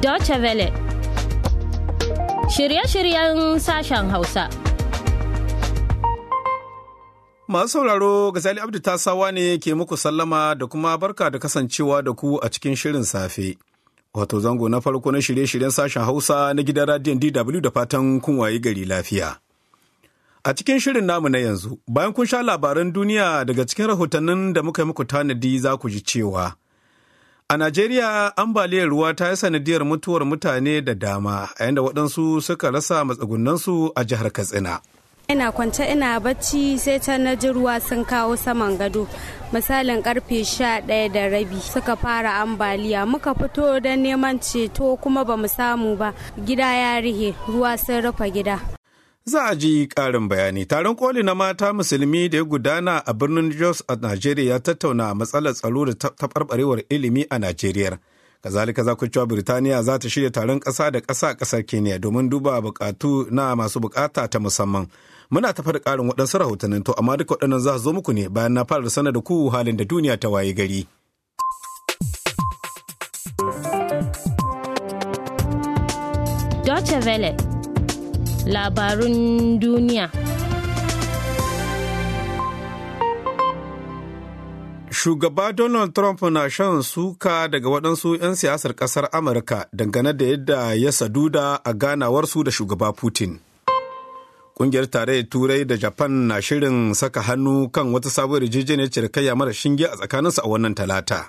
Deutsche Welle Shirye-shiryen sashen Hausa Masu sauraro Gazali Abdu Tasawa ne ke muku sallama da kuma barka da kasancewa da ku a cikin shirin safe. Wato zango na farko na shirye-shiryen sashen Hausa na gidan radiyon DW da fatan kun wayi gari lafiya. A cikin shirin namu na yanzu, bayan kun sha labaran duniya daga cikin rahotannin da muka yi muku tanadi za ku ji cewa. A Najeriya ambaliyar ruwa ta yi sanadiyar mutuwar mutane da dama a yadda waɗansu suka rasa matsugunansu a jihar Katsina. Ina kwance ina bacci sai ta na ruwa sun kawo saman gado. Misalin karfe sha ɗaya da rabi suka fara ambaliya muka fito don neman ceto kuma ba mu samu ba gida ya rihe ruwa sun rufe gida. Za a ji ƙarin bayani. Taron koli na mata musulmi da ya gudana a birnin Jos a Najeriya ya tattauna matsalar tsaro da taɓarɓarewar ilimi a Najeriya. Kazalika za ku cewa Birtaniya za ta shirya taron ƙasa da ƙasa a ƙasar Kenya domin duba buƙatu na masu buƙata ta musamman. Muna tafar da ƙarin waɗansu rahotannin to amma duka waɗannan za zo muku ne bayan na fara sanar da ku halin da duniya ta waye gari. Deutsche Welle labarun duniya. Shugaba Donald Trump na shan suka daga waɗansu 'yan siyasar ƙasar Amurka dangane da yadda ya saduda a ganawarsu da shugaba Putin. Ƙungiyar tarayyar Turai da Japan na shirin saka hannu kan wata sabuwar yarjejeniyar cinikayya mara shinge a tsakaninsu a wannan talata.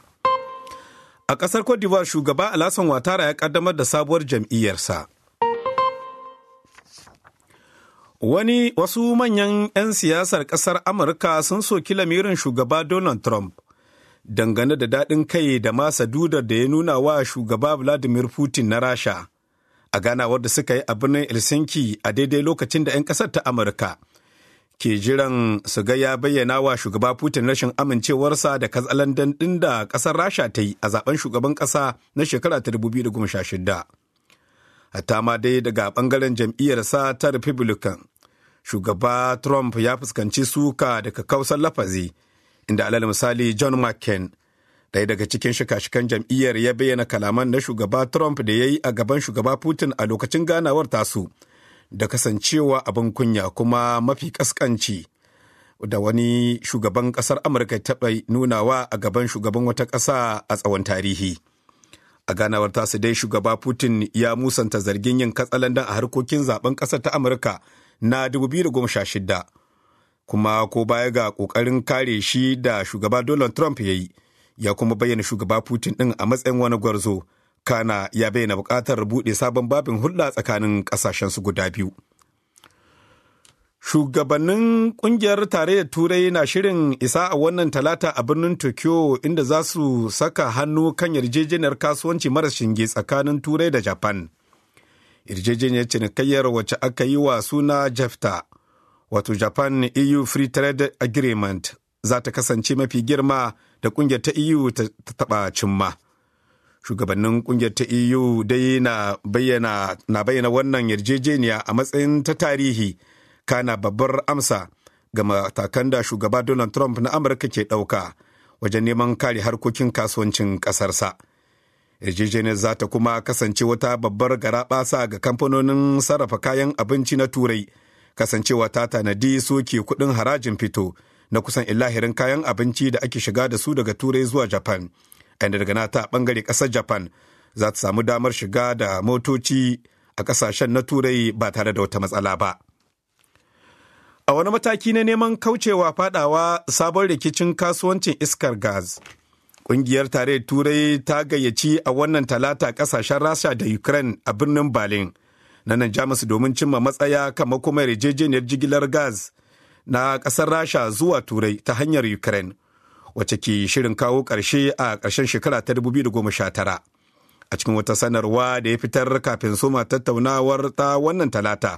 A ƙasar Cote d'Ivoire shugaba Alassane Ouattara ya ƙaddamar da sabuwar jam'iyyarsa. Wani wasu manyan 'yan siyasar ƙasar Amurka sun soki lamirin shugaba Donald Trump dangane da daɗin kai da masa dudar da ya nuna wa shugaba Vladimir Putin na Rasha a ganawar da suka yi a birnin Helsinki a daidai lokacin da 'yan ƙasar ta Amurka ke jiran su ga ya bayyana wa shugaba Putin rashin amincewarsa da katsalandan ɗin da ƙasar Rasha ta yi a zaben shugaban ƙasa na shekara ta 2016. Hatta ma dai daga ɓangaren jam'iyyarsa ta Republican. shugaba Trump ya fuskanci suka daga kausar lafazi, inda alal misali John McCain, ɗaya daga cikin shika-shikan jam'iyyar ya bayyana kalaman na shugaba Trump da ya yi a gaban shugaba Putin a lokacin ganawar tasu, da kasancewa abin kunya kuma mafi kaskanci, Da wani shugaban ƙasar Amurka taɓa nunawa a gaban shugaban wata ƙasa a tsawon tarihi. a ganawar tasu dai shugaba putin ya musanta zargin yin katsalandan a harkokin zaben ƙasar ta amurka na 2016 kuma ko baya ga kokarin kare shi da shugaba donald trump ya yi ya kuma bayyana shugaba putin ɗin a matsayin wani gwarzo kana ya bayyana buƙatar buɗe sabon babin hulɗa tsakanin ƙasashen su guda biyu shugabannin kungiyar tarayyar turai na shirin isa a wannan talata a birnin tokyo inda za su saka hannu kan yarjejeniyar kasuwanci maras shinge tsakanin turai da japan yarjejeniyar cinikayyar wacce aka yi wa suna jefta wato japan eu free trade agreement za ta kasance mafi girma da kungiyar ta eu ta taba cimma shugabannin kungiyar ta eu dai na bayyana wannan yarjejeniya a matsayin ta tarihi kana babbar amsa ga matakan da shugaba donald trump na amurka ke ɗauka wajen neman kare harkokin kasuwancin ƙasarsa. yarjejeniyar za ta kuma kasance wata babbar garaɓasa ga kamfanonin sarrafa kayan abinci na turai kasancewa ta tanadi soke kudin harajin fito na kusan illahirin kayan abinci da ake shiga da su daga turai zuwa japan inda daga nata bangare ƙasar japan za ta samu damar shiga da motoci a ƙasashen na turai ba tare da wata matsala ba a wani mataki na neman kaucewa faɗawa sabon rikicin kasuwancin iskar gas Ƙungiyar tare Turai ta gayyaci a wannan talata ƙasashen Rasha da Ukraine a birnin Berlin na nan Jamus domin cimma matsaya kan makomar yarjejeniyar jigilar gas na ƙasar Rasha zuwa Turai ta hanyar Ukraine wacce ke shirin kawo ƙarshe a ƙarshen shekara ta 2019. A cikin wata sanarwa da ya fitar kafin soma tattaunawar ta wannan talata,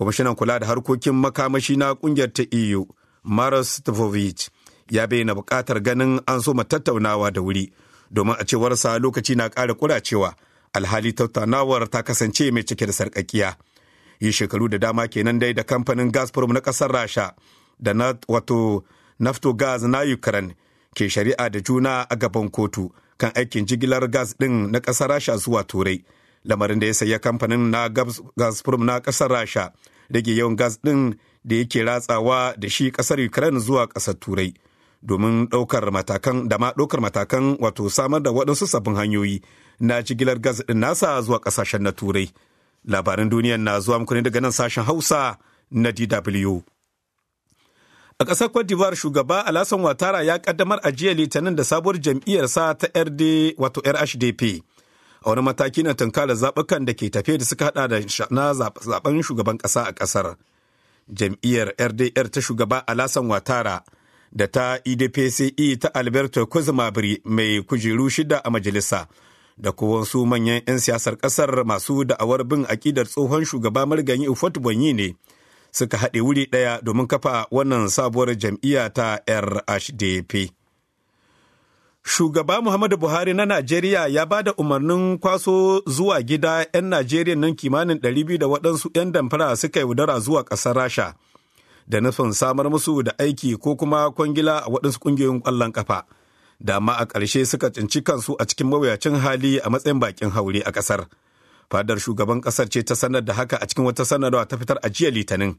kwamishinan kula da harkokin makamashi na ƙungiyar ta EU, Maros Tvovic, ya bayyana buƙatar ganin an soma tattaunawa da wuri domin a cewarsa lokaci na ƙara kuracewa alhali tattaunawar ta kasance mai cike da sarƙaƙiya yi shekaru da dama kenan dai da kamfanin gazprom na ƙasar rasha da na wato nafto gas na ukraine ke shari'a da juna a gaban kotu kan aikin jigilar gas ɗin na ƙasar rasha zuwa turai lamarin da ya sayi kamfanin na gazprom na ƙasar rasha rage yawan gas ɗin da yake ratsawa da shi ƙasar ukraine zuwa ƙasar turai domin ɗaukar matakan da ma ɗaukar matakan wato samar da waɗansu sabbin hanyoyi na jigilar gas ɗin nasa zuwa ƙasashen na turai labarin duniyar na zuwa muku ne daga nan sashen hausa na dw a ƙasar cote d'ivoire shugaba alasan watara ya ƙaddamar a jiya litinin da sabuwar jam'iyyarsa ta rd wato rhdp a wani mataki na tunkarar zaɓukan da ke tafe da suka haɗa da na zaɓen shugaban ƙasa a ƙasar jam'iyyar rdr ta shugaba alasan watara da ta edpce e ta alberto kuzmabri mai kujeru shida a majalisa da kowansu manyan 'yan siyasar kasar masu da'awar bin akidar tsohon shugaba marganyi ufot bonyi ne suka haɗe wuri ɗaya domin kafa wannan sabuwar jam'iyya ta RHDP. Shugaba Muhammadu Buhari na Najeriya ya ba da umarnin kwaso zuwa gida 'yan Najeriya nan kimanin 200 da waɗansu 'yan damfara suka yaudara zuwa ƙasar Rasha da nufin samar musu da aiki ko kuma kwangila a waɗansu ƙungiyoyin ƙwallon kafa. Dama a ƙarshe suka cinci kansu a cikin mawuyacin hali a matsayin bakin haure a ƙasar. Fadar shugaban ƙasar ce ta sanar da haka a cikin wata sanarwa ta fitar a jiya Litinin.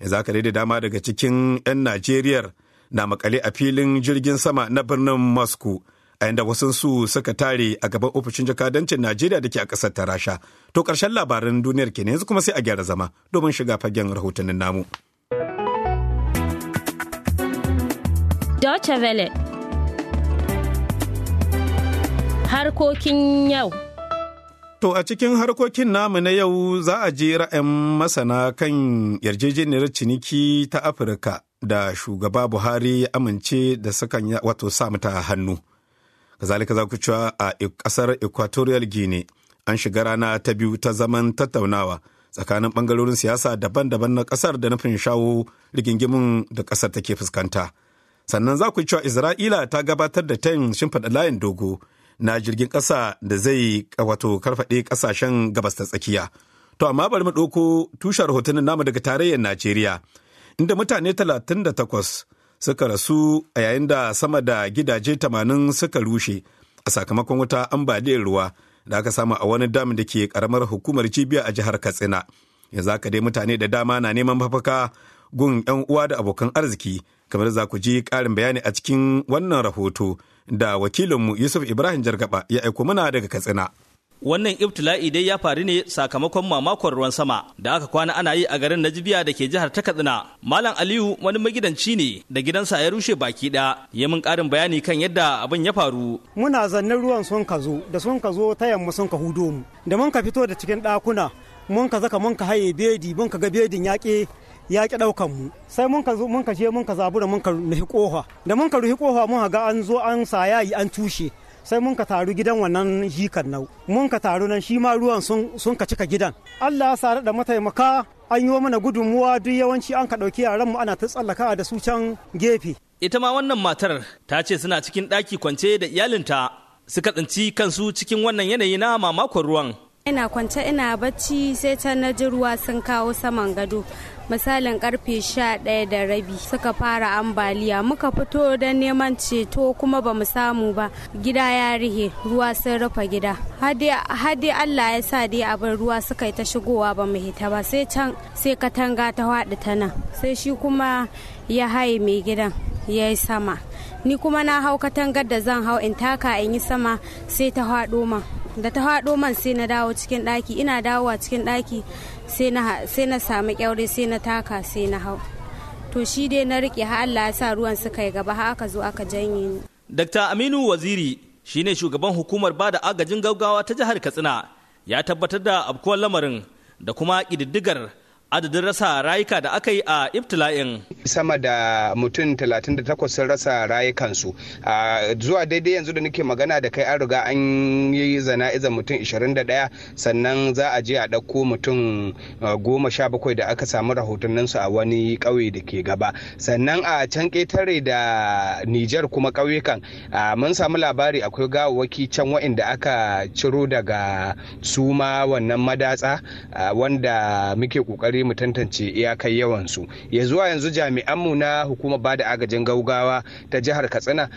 Yanzu haka da dama daga cikin 'yan najeriya na makale a filin jirgin sama na birnin Moscow. a wasu su suka tare a gaban ofishin jakadancin Najeriya da ke a ƙasar ta Rasha. To ƙarshen labaran duniyar kenan yanzu kuma sai a gyara zama domin shiga fagen rahotannin namu. Deutsche Welle Harkokin yau To a cikin harkokin namu na yau za a je ra'ayin masana kan yarjejeniyar ciniki ta Afirka da shugaba Buhari ya amince da sakan wato mata hannu. Kazalika za ku cewa a ƙasar Equatorial Guinea an shiga rana ta biyu ta zaman tattaunawa tsakanin ɓangarorin siyasa daban-daban na ƙasar da nufin shawo rigingimin da ƙasar take fuskanta. sannan za ku yi cewa isra'ila ta gabatar da tayin shimfiɗa layin dogo na jirgin ƙasa da zai wato karfaɗe ƙasashen gabas ta tsakiya to amma bari mu ɗauko tushen rahotannin namu daga tarayyar najeriya inda mutane talatin da takwas suka rasu a yayin da sama da gidaje tamanin suka rushe a sakamakon wuta ambaliyar ruwa da aka samu a wani dam da ke karamar hukumar cibiya a jihar katsina yanzu haka dai mutane da dama na neman mafaka gun 'yan uwa da abokan arziki kamar za ku ji karin bayani a cikin wannan rahoto da wakilinmu yusuf ibrahim jargaba ya aiko mana daga katsina wannan ibtila'i dai ya faru ne sakamakon mamakon ruwan sama da aka kwana ana yi a garin najibiya da ke jihar ta katsina malam aliyu wani magidanci ne da gidansa ya rushe baki da ya min karin bayani kan yadda abin ya faru muna zannen ruwan sun ka zo da sun ka zo ta yamma sun ka hudo mu da mun ka fito da cikin ɗakuna mun ka zaka mun ka haye bedi mun ka ga bedin yaƙe ya ki daukan mu sai mun ka zo mun ka je mun ka zabura mun ka ruhi kofa da mun ka ruhi kofa mun ga an zo an sayayi an tushe sai mun ka taru gidan wannan jikan nau mun ka taru nan shi ma ruwan sun ka cika gidan Allah ya sare da mataimaka an yi mana gudunmuwa duk yawanci an ka ɗauki yaran mu ana ta tsallaka da su can gefe ita ma wannan matar ta ce suna cikin daki kwance da iyalinta suka tsinci kansu cikin wannan yanayi na mamakon ruwan ina kwance ina bacci sai ta na ruwa sun kawo saman gado misalin karfe sha ɗaya da rabi suka fara ambaliya muka fito don neman ceto kuma ba mu samu ba gida ya rihe ruwa sun rufe gida hadi allah ya sa dai abin ruwa suka yi ta shigowa ba mu hita ba sai can sai katanga ta haɗu ta nan sai shi kuma ya haye mai gidan ya yi sama ni kuma na hau katangar da zan hau in taka in yi sama sai ta haɗo ma da ta haɗo man sai na dawo cikin ɗaki ina a cikin ɗaki sai na sami kyaure sai na taka sai na hau to shi dai na rike ha Allah ya sa ruwan suka yi gaba har aka zo aka janye ni Dr. Aminu Waziri shine shugaban hukumar bada agajin gaggawa ta jihar Katsina ya tabbatar da abkuwar lamarin da kuma ƙididdigar adadin rasa rayuka da aka yi a iftila'in sama da mutum 38 sun rasa rayukansu zuwa daidai yanzu da nake magana da kai an riga an yi iza mutum 21 sannan za a je a ɗauko mutum 17 da aka samu rahotanninsu a wani ƙauye da ke gaba sannan a can ƙetare da nijar kuma ƙauyukan mun samu labari akwai gawawaki can wa'inda aka ciro daga suma wannan madatsa wanda muke ƙoƙari kokari mu tantance iyakar yawan su ya zuwa yanzu jami'an mu na hukumar bada agajin gaugawa ta jihar katsina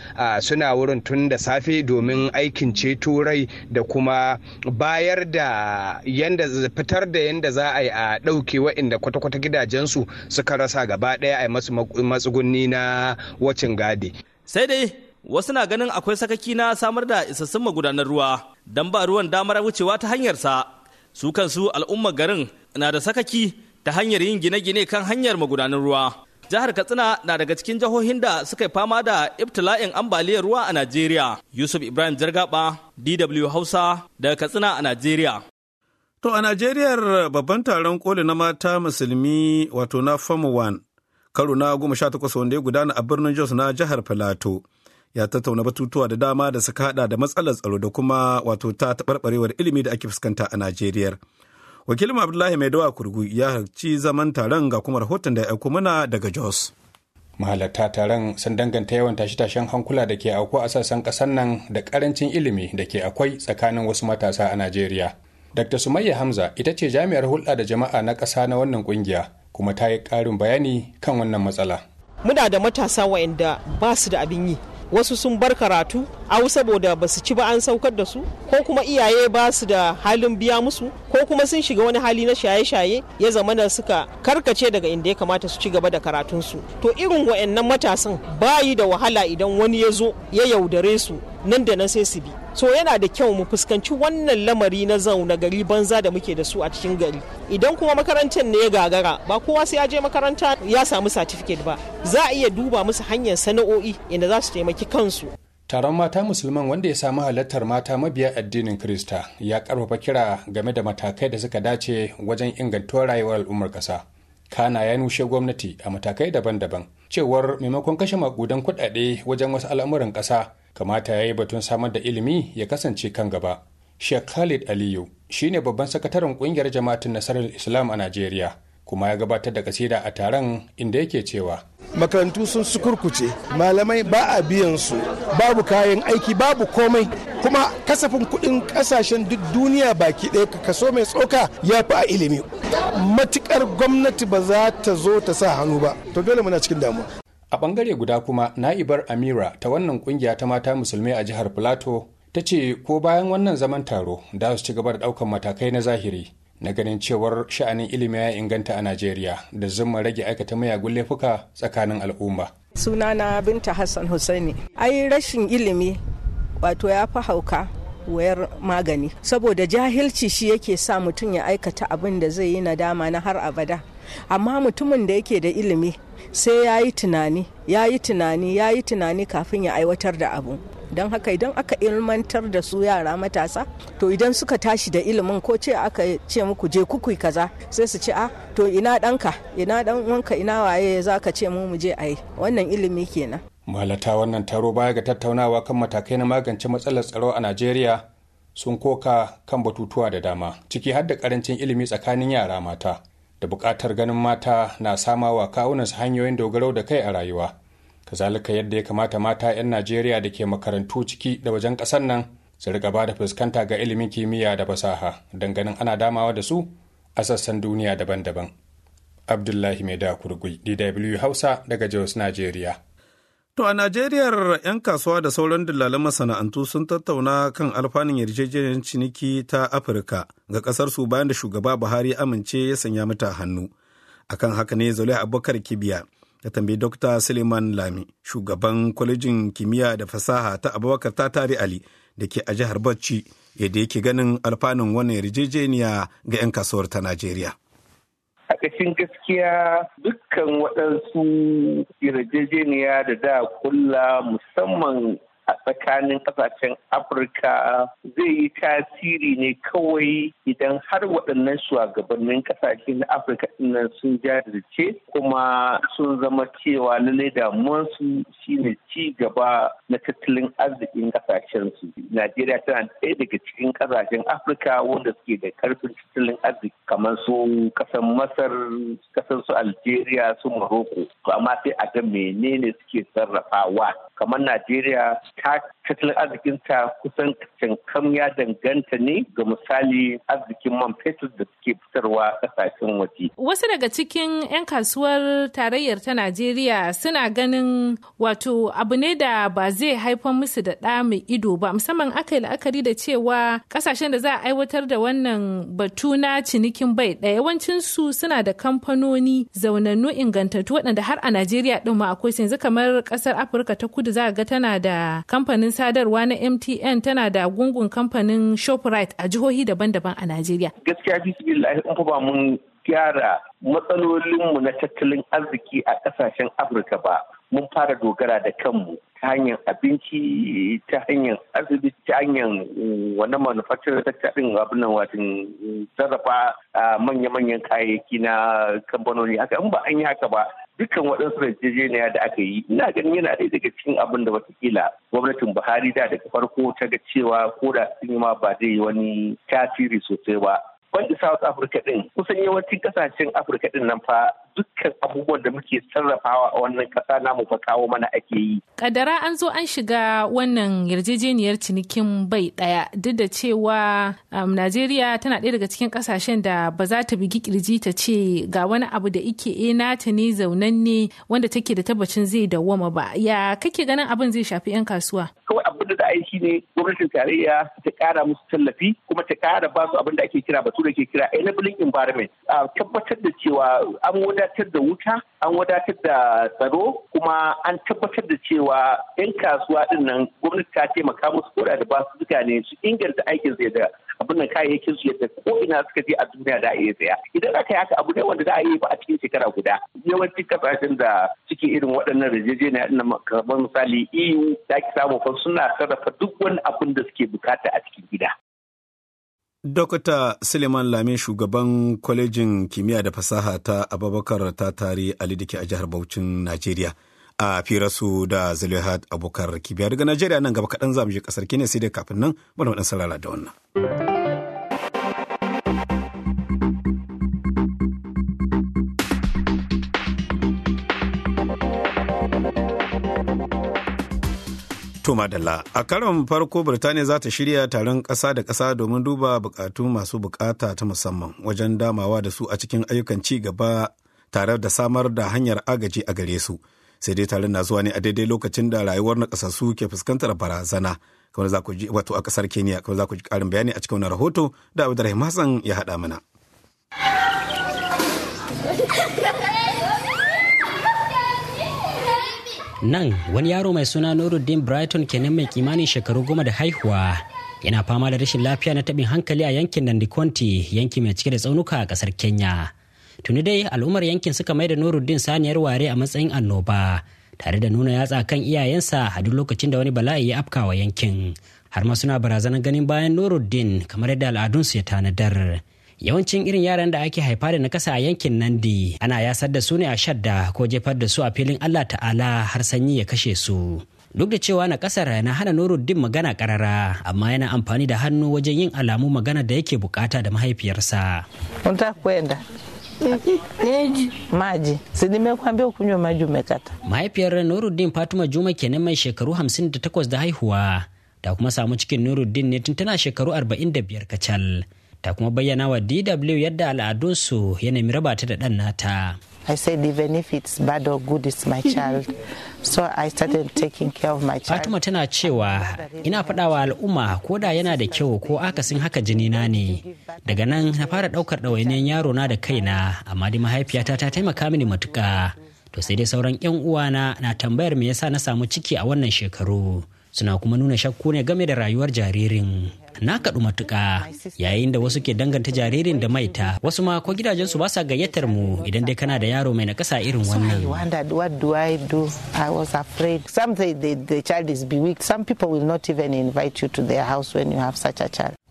suna wurin tun da safe domin aikin ceto rai da kuma bayar da yanda fitar da yanda za a yi a ɗauke wa'inda kwata-kwata gidajensu suka rasa gaba ɗaya a yi masu matsugunni na wacin gadi. sai dai wasu na ganin akwai sakaki na samar da isassun magudanar ruwa don ba ruwan damar wucewa ta hanyarsa su kansu al'ummar garin na da sakaki ta hanyar yin gine-gine kan hanyar magudanan ruwa. Jihar Katsina na daga cikin jihohin da suka yi fama da ibtila'in ambaliyar ruwa a Najeriya. Yusuf Ibrahim Jargaba, DW Hausa, daga Katsina a Najeriya. To a Najeriya, babban taron koli na mata musulmi wato na Form 1 karo na goma sha takwas wanda ya gudana a birnin Jos na jihar Filato. Ya tattauna batutuwa da dama da suka hada da matsalar tsaro da kuma wato ta taɓarɓarewar ilimi da ake fuskanta a Najeriya. wakilin abdullahi mai dawa kurgu ya ci zaman taron ga kuma rahoton da ya aiko mana daga jos mahalarta taron sun danganta yawan tashe-tashen hankula da ke auku a sassan ƙasar nan da ƙarancin ilimi da ke akwai tsakanin wasu matasa a najeriya dr sumayya hamza ita ce jami'ar hulɗa da jama'a na ƙasa na wannan ƙungiya kuma ta yi ƙarin bayani kan wannan matsala muna da matasa wayanda ba su da abin yi wasu sun bar karatu au saboda ba su ci ba an saukar da su ko kuma iyaye ba su da halin biya musu ko kuma sun shiga wani hali na shaye-shaye ya zama da suka karkace daga inda ya kamata su ci gaba da karatunsu to irin wa'annan matasan bayi da wahala idan wani ya zo ya yaudare su nan da nan sai su bi so yana da kyau mu fuskanci wannan lamari na zauna gari banza da muke da su a cikin gari idan kuma makarantar ne ya gagara ba kowa sai ya je makaranta ya samu satifiket ba za a iya duba musu hanyar sana'o'i inda za su taimaki kansu taron mata musulman wanda ya samu halartar mata mabiya addinin krista ya karfafa kira game da matakai da suka dace wajen ingantuwar rayuwar al'ummar kasa kana ya nushe gwamnati a matakai daban-daban cewar maimakon kashe makudan kuɗaɗe wajen wasu al'amuran ƙasa kamata ya yi batun samar da ilimi ya kasance kan gaba sheikh khalid aliyu shi ne babban sakataren kungiyar jama'atin nasarar islam a najeriya kuma ya gabatar da kasida a taron inda yake cewa makarantu sun sukurkuce malamai ba a biyan su babu kayan aiki babu komai kuma kasafin kuɗin ƙasashen duk duniya baki ɗaya kaso mai tsoka ya fi a ilimi matukar gwamnati ba za ta zo ta sa hannu ba to dole muna cikin damuwa a bangare guda kuma na'ibar amira ta wannan kungiya ta mata musulmai a jihar plato ta ce ko bayan wannan zaman taro da su ci gaba da daukan matakai na zahiri na ganin cewar sha'anin ilimi ya inganta a najeriya da zuma rage aikata mayagun laifuka tsakanin al'umma suna sunana binta hassan hussaini ai rashin ilimi wato ya fi hauka wayar magani saboda jahilci shi yake sa mutum ya aikata abin da zai yi nadama na har abada amma mutumin da yake da ilimi sai ya yi tunani ya yi tunani ya yi tunani kafin ya aiwatar da abu don haka idan aka ilmantar da su yara matasa to idan suka tashi da ilimin ko ce aka ce muku je kuku kaza sai su ce a ah, to ina ɗanka ina ɗan wanka ina waye za ka ce mu muje je a wannan ilimi kenan malata wannan taro baya ga tattaunawa kan matakai na magance matsalar tsaro a najeriya sun koka kan batutuwa da dama ciki har da karancin ilimi tsakanin yara mata da buƙatar ganin mata na sama wa kawunansu hanyoyin dogaro da kai a rayuwa kazalika yadda ya kamata mata 'yan najeriya da ke makarantu ciki da wajen ƙasar nan su riƙa ba da fuskanta ga ilimin kimiyya da fasaha don ganin ana damawa da su a sassan duniya daban-daban abdullahi mai da kurgui dw hausa daga jos najeriya To a Najeriya 'yan kasuwa da sauran dillalan masana'antu sun tattauna kan alfanun yarjejeniyar ciniki ta Afirka ga kasar su bayan da shugaba Buhari amince ya sanya mata hannu. Akan haka ne Zulai Abubakar Kibiya ya tambayi Dr. Suleiman Lami, shugaban kwalejin kimiyya da fasaha ta Abubakar ta Tari Ali da ke a jihar bacci yadda yake ganin alfanun wannan yarjejeniya ga 'yan kasuwar ta Najeriya. a ƙashin gaskiya dukkan waɗansu yarjejeniya da da kulla musamman a tsakanin ƙasashen afirka zai yi tasiri ne kawai idan har waɗannan shugabannin kasashe na afirka nan sun jajirce kuma sun zama cewa lallai damuwarsu shine ci gaba na tattalin arzikin ƙasashensu najeriya tana ɗaya daga cikin ƙasashen afirka wanda suke da karfin tattalin arziki kamar su kasan masar kasan su algeria su maroko amma sai a ga menene suke sarrafawa kamar najeriya ta tattalin arzikinta kusan cankam ya danganta ne ga misali arzikin man fetur da suke fitarwa kasashen waje. Wasu daga cikin 'yan kasuwar tarayyar ta Najeriya suna ganin wato abu ne da ba zai haifar musu da ɗa mai ido ba musamman aka yi la'akari da cewa kasashen da za a aiwatar da wannan batu na cinikin bai ɗaya yawancin su suna da kamfanoni zaunannu ingantattu waɗanda har a Najeriya ɗin ma akwai yanzu kamar ƙasar Afirka ta kudu za ga tana da kamfanin sadarwa na MTN tana da gungun kamfanin Shoprite a jihohi daban-daban a Najeriya. Gaskiya bismillah in ba mun gyara matsalolinmu na tattalin arziki a kasashen Afirka ba. Mun fara dogara da kanmu ta hanyar abinci, ta hanyar asibiti, ta hanyar mm, wani manufacturer tattalin abin nan watan mm, sarrafa ah, manya-manyan kayayyaki na kamfanoni haka in ba an yi haka ba dukkan waɗansu yarjejeniya da aka yi ina ganin yana ɗaya daga cikin abin da watakila gwamnatin buhari da daga farko ta ga cewa ko da sun yi ma ba zai yi wani tasiri sosai ba banda south africa din kusan yawancin kasashen afirka din nan fa dukkan abubuwan da muke sarrafawa a wannan ƙasa namu fa kawo mana ake yi. Kadara an zo an shiga wannan yarjejeniyar cinikin bai ɗaya duk da cewa um, Najeriya tana ɗaya daga cikin ƙasashen da ba za ta bigi kirji ta ce ga wani abu da ike e nata ne zaunan ne wanda take da tabbacin zai dawwama ba. Ya kake ganin abin zai shafi 'yan kasuwa? Kawai abin da za a yi shine gwamnatin tarayya ta ƙara musu tallafi kuma ta ƙara ba su abin da ake kira batu da ke kira enabling environment. Tabbatar da cewa an wadatar da wuta an wadatar da tsaro kuma an tabbatar da cewa 'yan kasuwa din nan gwamnati ta taimaka musu koda da ba su ne su inganta aikin zai da abin nan kayayyakin su yadda ko ina suka je a duniya da iya tsaya idan aka yi haka abu ne wanda za a yi ba a cikin shekara guda yawancin kasashen da suke irin waɗannan rijiyoyi na kamar misali EU da ake samu fa suna sarrafa duk wani abin da suke bukata a cikin gida Dokta Suleiman Lame shugaban kwalejin kimiyya da fasaha ta Abubakar ta tare Alidiki a jihar Bauchin, Najeriya. A firasu da Zulihat Abubakar Kibiya daga Najeriya nan gaba kaɗan zamu je ƙasar Kenya sai dai kafin nan bari mu ɗan da wannan. To madalla a karon farko Birtaniya za ta shirya taron kasa da kasa domin duba bukatu masu bukata ta musamman wajen damawa da su a cikin ayyukan ci gaba tare da samar da hanyar agaji a gare su. Sai dai taron na zuwa ne a daidai lokacin da rayuwar na ƙasassu ke fuskantar barazana. Kamar za ku ji wato a ƙasar Kenya kamar za ku ji ƙarin bayani a cikin wani rahoto da Abdulrahim Hassan ya haɗa mana. nan wani yaro mai suna nuruddin brighton kenan mai kimanin shekaru goma da haihuwa yana fama da rashin lafiya na tabin hankali a yankin nandikonti yanki mai cike da tsaunuka a kasar kenya tuni dai al'ummar yankin suka mai da nuruddin saniyar ware a matsayin annoba tare da nuna yatsa kan iyayensa a duk lokacin da wani bala'i ya afkawa yankin har ma suna barazanar ganin bayan nuruddin kamar yadda al'adunsu ya tanadar yawancin irin yaran da ake haifa da nakasa a yankin di ana yasar da su ne a shadda ko jefar da su a filin allah ta'ala har sanyi ya kashe su duk da cewa na kasar na hana nuruddin magana karara amma yana amfani da hannu wajen yin alamu magana da yake bukata da mahaifiyarsa maji sai Fatima ukunywa maji Mahaifiyar Juma kenan mai shekaru 58 da haihuwa ta kuma samu cikin Nuruddin ne tun tana shekaru 45 kacal. ta kuma bayyana wa DW yadda al'adunsu ya nemi raba ta da ɗan nata. I said even if it's bad or good it's my child. So I started taking care of my child. Fatima tana cewa ina faɗawa al'umma ko da yana da kyau ko akasin haka jinina ne. Daga nan na fara ɗaukar ɗawainiyar yaro na da kaina amma dai mahaifiyata ta taimaka mini matuƙa. To sai dai sauran 'yan uwana na tambayar me yasa na samu ciki a wannan shekaru. Suna kuma nuna shakku ne game da rayuwar jaririn. na kaɗu matuƙa yayin da wasu ke danganta jaririn da maita wasu ma ko gidajensu ba sa gayyatar mu idan dai kana da yaro mai na ƙasa irin wannan.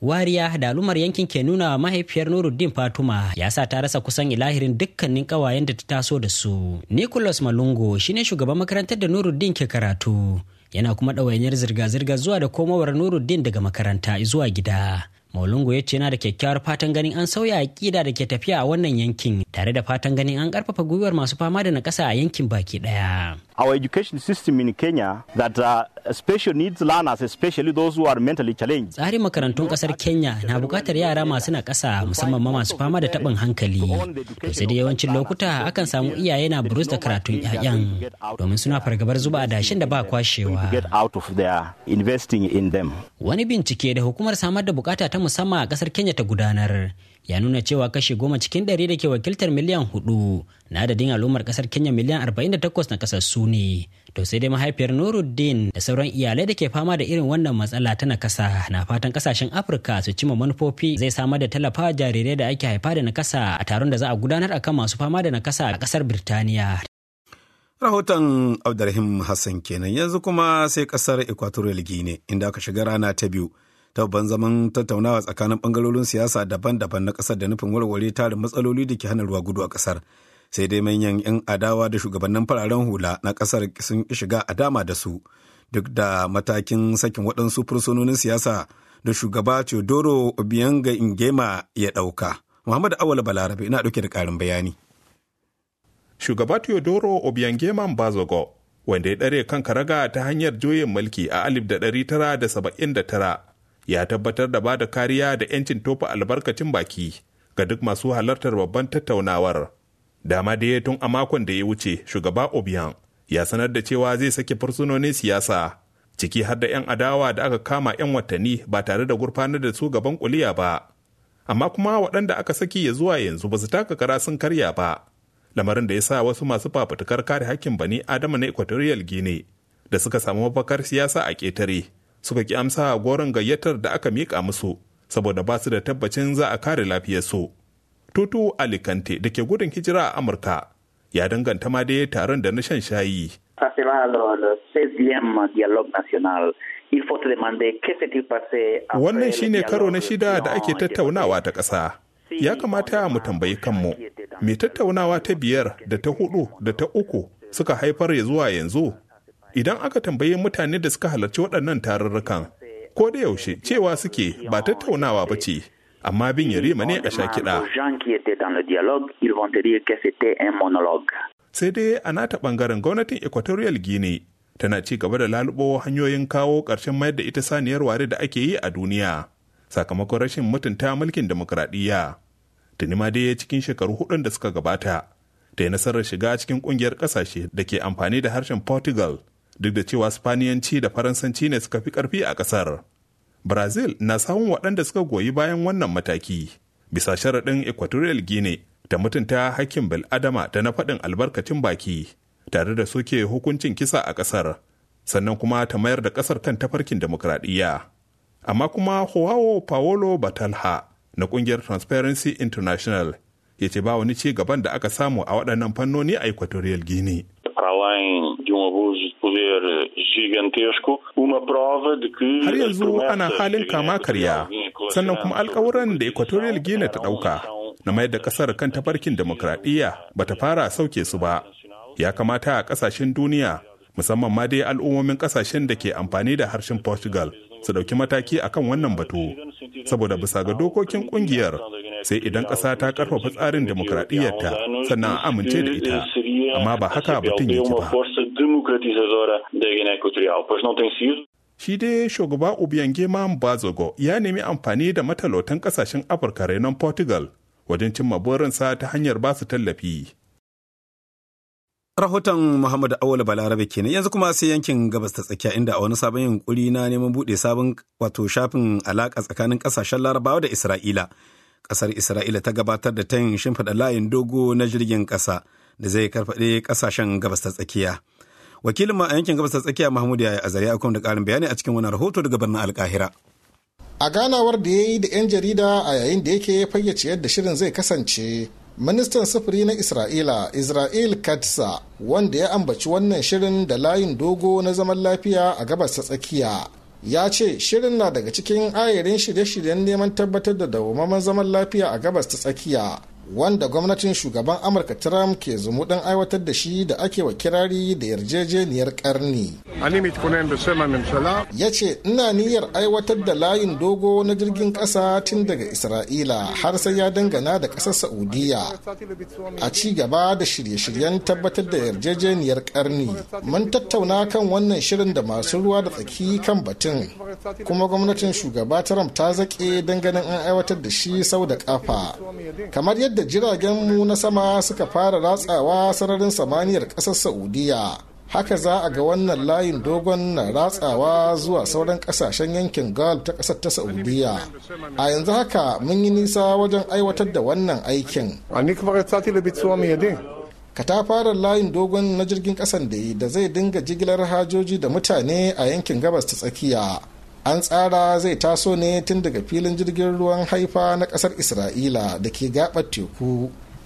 Wariya da al'ummar yankin ke nuna mahaifiyar Nuruddin Fatuma ya sa ta rasa kusan ilahirin dukkanin kawayen da ta taso da su. Nicholas Malungo shine shugaban makarantar da Nuruddin ke karatu. yana kuma ɗawainiyar zirga-zirga zuwa da komowar nuruddin daga makaranta zuwa gida Maulungu ya ce yana da kyakkyawar fatan ganin an sauya aƙida da ke tafiya a wannan yankin tare da fatan ganin an ƙarfafa gwiwar masu fama da ƙasa a yankin baki ɗaya. our education system in Kenya that uh, special needs learners especially those who are mentally challenged. Tsarin makarantun kasar Kenya na bukatar yara masu na ƙasa musamman ma masu fama da taɓin hankali. To sai da yawancin lokuta akan samu iyaye na burus da karatun 'ya'yan domin suna fargabar zuba adashin da ba kwashewa. Wani bincike da hukumar samar da bukata ta musamman a ƙasar Kenya ta gudanar ya nuna cewa kashi goma cikin ɗari da ke wakiltar miliyan hudu na adadin al'ummar ƙasar kenya miliyan 48 na ƙasar su ne to sai dai mahaifiyar nuruddin da sauran iyalai da ke fama da irin wannan matsala ta nakasa na fatan ƙasashen afirka su cima manufofi zai samar da tallafa jarirai da ake haifa da nakasa a taron da za a gudanar a kan masu fama da nakasa a ƙasar birtaniya rahoton abdulrahim hassan kenan yanzu kuma sai ƙasar equatorial guinea inda aka shiga rana ta biyu ta babban zaman tattaunawa tsakanin bangarorin siyasa daban-daban na kasar da nufin warware tarin matsaloli da ke hana ruwa gudu a kasar sai dai manyan 'yan adawa da shugabannin fararen hula na kasar sun shiga a dama da su duk da matakin sakin waɗansu fursunonin siyasa da shugaba Teodoro Obianga Ingema ya ɗauka. Muhammad Awal Balarabe ina ɗauke da ƙarin bayani. Shugaba Teodoro Obiangema bazogo wanda ya ɗare kan karaga ta hanyar juyin mulki a 1979 ya tabbatar da ba da kariya da 'yancin tofa albarkacin baki ga duk masu halartar babban tattaunawar. Dama da ya tun a makon da ya wuce shugaba Obiang ya sanar da cewa zai sake fursunonin siyasa ciki har da 'yan adawa da aka kama 'yan watanni ba tare da gurfanar da su gaban kuliya ba. Amma kuma waɗanda aka saki ya zuwa yanzu ba su taka kara sun karya ba. Lamarin da ya sa wasu masu fafutukar kare hakkin bani Adama na Equatorial Guinea da suka samu mafakar siyasa a ƙetare suka ki amsa a goron gayyatar da aka miƙa musu saboda ba su da tabbacin za a kare lafiyarsu. Tutu Alicante da ke gudun hijira a Amurka ya danganta ma dai taron da na shan shayi. Wannan shine karo na shida da ake tattaunawa ta ƙasa. Ya kamata mu tambayi kanmu, me tattaunawa ta biyar da ta hudu da ta uku suka haifar ya zuwa yanzu idan aka tambaye mutane da suka halarci waɗannan tarurrukan ko da yaushe cewa suke ba tattaunawa ba ce amma bin yarima ne a sha kiɗa. Sai dai a nata ɓangaren gwamnatin Equatorial Guinea tana ci gaba da lalubo hanyoyin kawo ƙarshen mayar da ita saniyar ware da ake yi a duniya sakamakon rashin mutunta mulkin demokuraɗiyya. Tuni ma dai cikin shekaru hudun da suka gabata, ta yi nasarar shiga cikin ƙungiyar ƙasashe da ke amfani da harshen Portugal duk da cewa spaniyanci da faransanci ne suka fi ƙarfi a ƙasar brazil na samun waɗanda suka goyi bayan wannan mataki bisa sharaɗin equatorial guinea ta mutunta hakkin bil'adama da na faɗin albarkacin baki tare da soke hukuncin kisa a ƙasar sannan kuma ta mayar da ƙasar kan tafarkin demokradiyya amma kuma Huawo Paolo Batalha na ƙungiyar Transparency International ya ce ba wani ci gaban da aka samu a waɗannan fannoni a Equatorial Guinea. gigantesco uma prova de que har yanzu ana halin kama karya sannan kuma alkawuran da equatorial guinea ta dauka na mayar da kasar kan tafarkin demokradiyya bata fara sauke su ba ya kamata a kasashen duniya musamman ma dai al'ummomin kasashen da ke amfani da harshen portugal su dauki mataki akan wannan batu saboda bisa ga dokokin kungiyar sai idan ƙasa ta ƙarfafa tsarin demokradiyyarta sannan a amince da ita amma ba haka batun yake ba. Shi dai shugaba Obiyange Bazogo ya nemi amfani da matalautan ƙasashen Afirka renon Portugal wajen cimma burinsa ta hanyar ba su tallafi. Rahoton Muhammadu Awul Balarabe kenan yanzu kuma sai yankin gabas ta tsakiya inda a wani sabon yunkuri na neman buɗe sabon wato shafin alaƙa tsakanin ƙasashen Larabawa da Isra'ila kasar Isra'ila ta gabatar da tayin shimfida layin dogo na jirgin kasa da zai karfaɗe ƙasashen gabas ta tsakiya. Wakilin ma a yankin gabas ta tsakiya Mahmud Yaya zariya ya da ƙarin bayani a cikin wani rahoto daga birnin alkahira. A ganawar da ya yi da 'yan jarida a yayin da yake fayyace yadda shirin zai kasance, ministan sufuri na isra'ila isra'il katsa wanda ya ambaci wannan shirin da layin dogo na zaman lafiya a gabas ta tsakiya ya ce shirin na daga cikin ayarin shirye-shiryen neman tabbatar da dawamaman zaman lafiya a gabas ta tsakiya wanda gwamnatin shugaban amurka trump ke zumuɗin aiwatar da shi da ake wa kirari da yarjejeniyar karni ya ce ina niyyar aiwatar da layin dogo na jirgin ƙasa tun daga isra'ila har sai ya dangana da ƙasar saudiya a ci gaba da shirye-shiryen tabbatar da yarjejeniyar karni mun tattauna kan wannan shirin da masu ruwa da tsaki kan batun kuma gwamnatin shugaba trump ta zaƙe dangane an aiwatar da shi sau da ƙafa kamar yadda yadda jiragen mu na sama suka fara ratsawa sararin samaniyar ƙasar saudiya haka za a ga wannan layin dogon na ratsawa zuwa sauran kasashen yankin gulf ta kasar ta saudiya a yanzu haka mun yi nisa wajen aiwatar da wannan aikin ta katafaren layin dogon na jirgin kasan da da zai dinga jigilar hajoji da mutane a yankin gabas ta tsakiya an tsara zai taso ne tun daga filin jirgin ruwan haifa na kasar isra'ila da ke gabar teku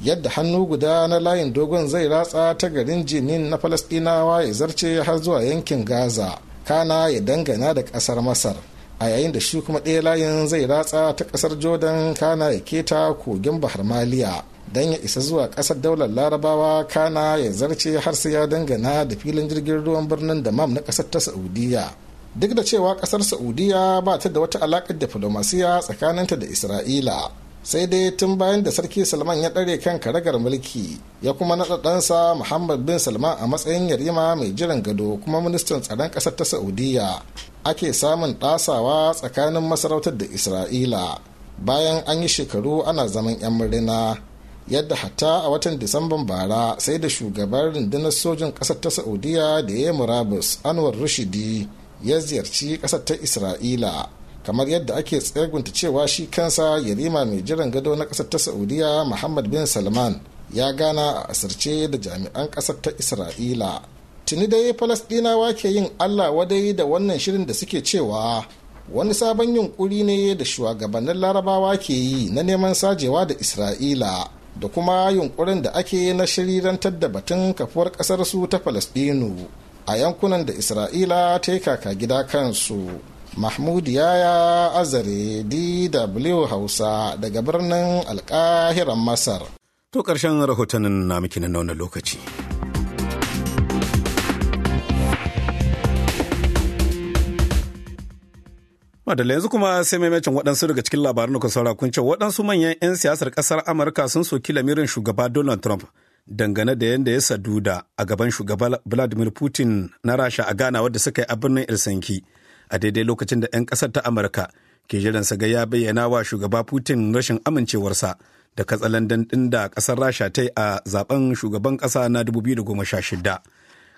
yadda hannu guda na layin dogon zai ratsa ta garin jinin na falasdinawa ya zarce har zuwa yankin gaza kana ya dangana da kasar masar a yayin da shi kuma ɗaya layin zai ratsa ta kasar jordan kana ya keta kogin bahar maliya don ya isa zuwa ƙasar daular larabawa kana ya zarce har sai ya dangana da filin jirgin ruwan birnin da mam na ƙasar ta saudiya duk da cewa kasar saudiya ba ta da wata alaƙar diflomasiya tsakaninta da isra'ila sai dai tun bayan da sarki salman ya ɗare kan karagar mulki ya kuma naɗa ɗansa muhammad bin salman a matsayin yarima mai jiran gado kuma ministan tsaron ƙasar ta saudiya ake samun ɗasawa tsakanin masarautar da isra'ila bayan an yi shekaru ana zaman 'yan murna yadda hatta a watan disamban bara sai da shugaban rundunar sojin ƙasar ta saudiya da ya murabus anwar rushidi ya ziyarci ƙasar ta isra'ila kamar yadda ake tsegunta cewa shi kansa yarima mai jiran gado na ƙasar ta saudiya muhammad bin salman ya gana a asirce da jami'an ƙasar ta isra'ila tuni dai falasɗinawa ke yin allah wadai da wannan shirin da suke cewa wani sabon yunkuri ne da shugabannin larabawa ke yi na neman sajewa da isra'ila da kuma yunkurin da ake na shirirantar da batun kafuwar ƙasarsu ta falasɗinu a yankunan da isra'ila ta yi kaka gida kansu mahmud yaya azare dw hausa daga birnin alkahiran masar to ƙarshen rahotannin na miki na lokaci Madalla yanzu kuma sai maimacin waɗansu daga cikin labarin da kun saura kun ce waɗansu manyan 'yan siyasar ƙasar Amurka sun soki lamirin shugaba Donald Trump dangane da yadda ya sadu da a gaban shugaban vladimir putin na rasha a ghana wadda suka yi a birnin helsinki a daidai lokacin da 'yan kasar ta amurka ke jiran ga ya bayyana wa shugaba putin rashin amincewarsa da katsalandan ɗin da kasar rasha ta yi a zaben shugaban ƙasa na 2016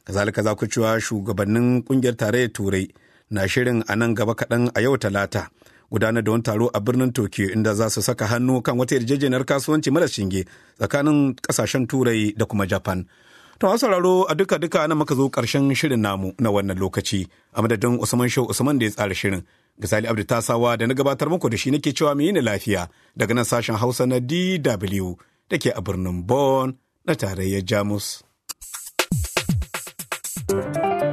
kazalika za ku cewa shugabannin ƙungiyar tarayyar turai na shirin a nan gaba kaɗan a yau talata gudanar da wani taro a birnin Tokyo inda za su saka hannu kan wata yarjejeniyar kasuwanci mara shinge tsakanin kasashen Turai da kuma Japan. To a sauraro a duka duka na maka zo karshen shirin namu na wannan lokaci a madadin Usman Shehu Usman da ya tsara shirin. misali Abdu Tasawa da na gabatar muku da shi nake cewa mu yi lafiya daga nan sashen Hausa na DW da ke a birnin Bon na tarayyar Jamus. thank you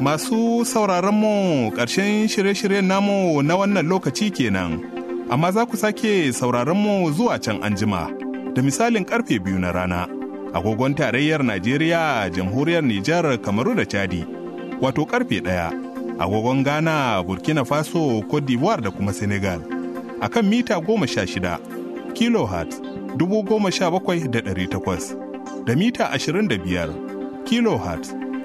Masu sauraron mu ƙarshen shirye-shiryen namu na wannan lokaci kenan, amma za ku sake sauraron mu zuwa can anjima, da misalin karfe biyu na rana, agogon tarayyar Najeriya, jamhuriyar Nijar, Kamaru da Chadi, wato karfe ɗaya, agogon Ghana, Burkina Faso, Cote d'Ivoire da kuma Senegal, akan mita goma sha shida, kilohertz dubu goma sha bakwai da ɗari takwas, da mita ashirin da biyar, kilohertz